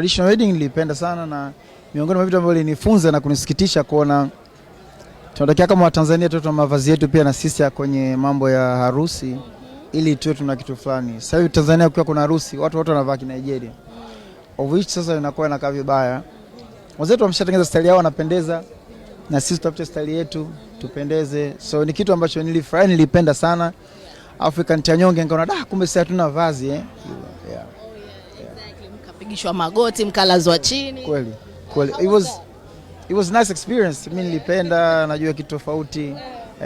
Traditional wedding nilipenda sana na miongoni mwa vitu ambavyo linifunza na kunisikitisha kuona tunatakiwa kama Watanzania tuwe tuna mavazi yetu pia na sisi kwenye mambo ya harusi ili tuwe tuna kitu fulani. Sasa hivi Tanzania kukiwa kuna harusi watu wote wanavaa ki Nigeria. Of which sasa inakuwa inakaa vibaya. Wenzetu wameshatengeneza style yao wanapendeza na sisi tutafute style yetu tupendeze. So ni kitu ambacho nilifurahi nilipenda sana. African Tanyonge nikaona da ah, kumbe sasa tuna vazi eh mkapigishwa magoti mkalazwa chini. Kweli kweli, it was it was nice experience. Mimi nilipenda, najua kitu tofauti.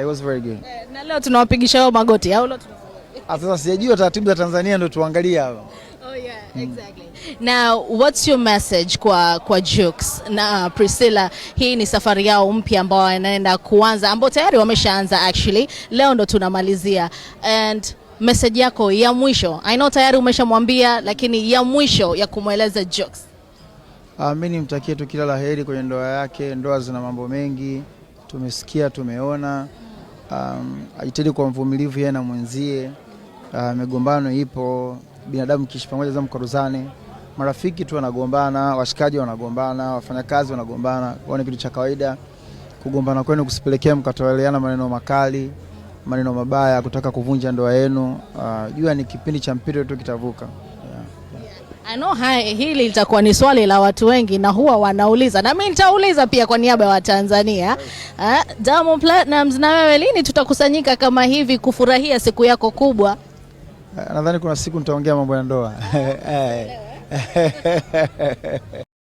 It was very good. Na leo tunawapigisha wao magoti au leo tunafanya? Ah, sasa sijajua taratibu za Tanzania, ndio tuangalie hapo. Oh, mm. exactly. Now, what's your message kwa kwa Jux na Priscilla? Hii ni safari yao mpya ambao wanaenda kuanza, ambao tayari wameshaanza actually. Leo ndo tunamalizia and message yako ya mwisho? I know tayari umeshamwambia lakini ya mwisho ya kumweleza Jux. Uh, mi nimtakie tu kila laheri kwenye ndoa yake. Ndoa zina mambo mengi, tumesikia tumeona. Um, ajitahidi kwa mvumilivu yeye na mwenzie. Uh, migombano ipo, binadamu kishi pamoja za mkaruzane marafiki tu wanagombana, washikaji wanagombana, wafanyakazi wanagombana, ni kitu cha kawaida. Kugombana kwenu kusipelekea mkatoeleana maneno makali maneno mabaya, kutaka kuvunja ndoa yenu. Uh, jua ni kipindi cha mpito tu, kitavuka. hai, hili litakuwa ni swali la watu wengi na huwa wanauliza, na mimi nitauliza pia kwa niaba ya Watanzania. Ah, Diamond Platnumz, na wewe lini tutakusanyika kama hivi kufurahia siku yako kubwa? Eh, nadhani kuna siku nitaongea mambo ya ndoa. Eh.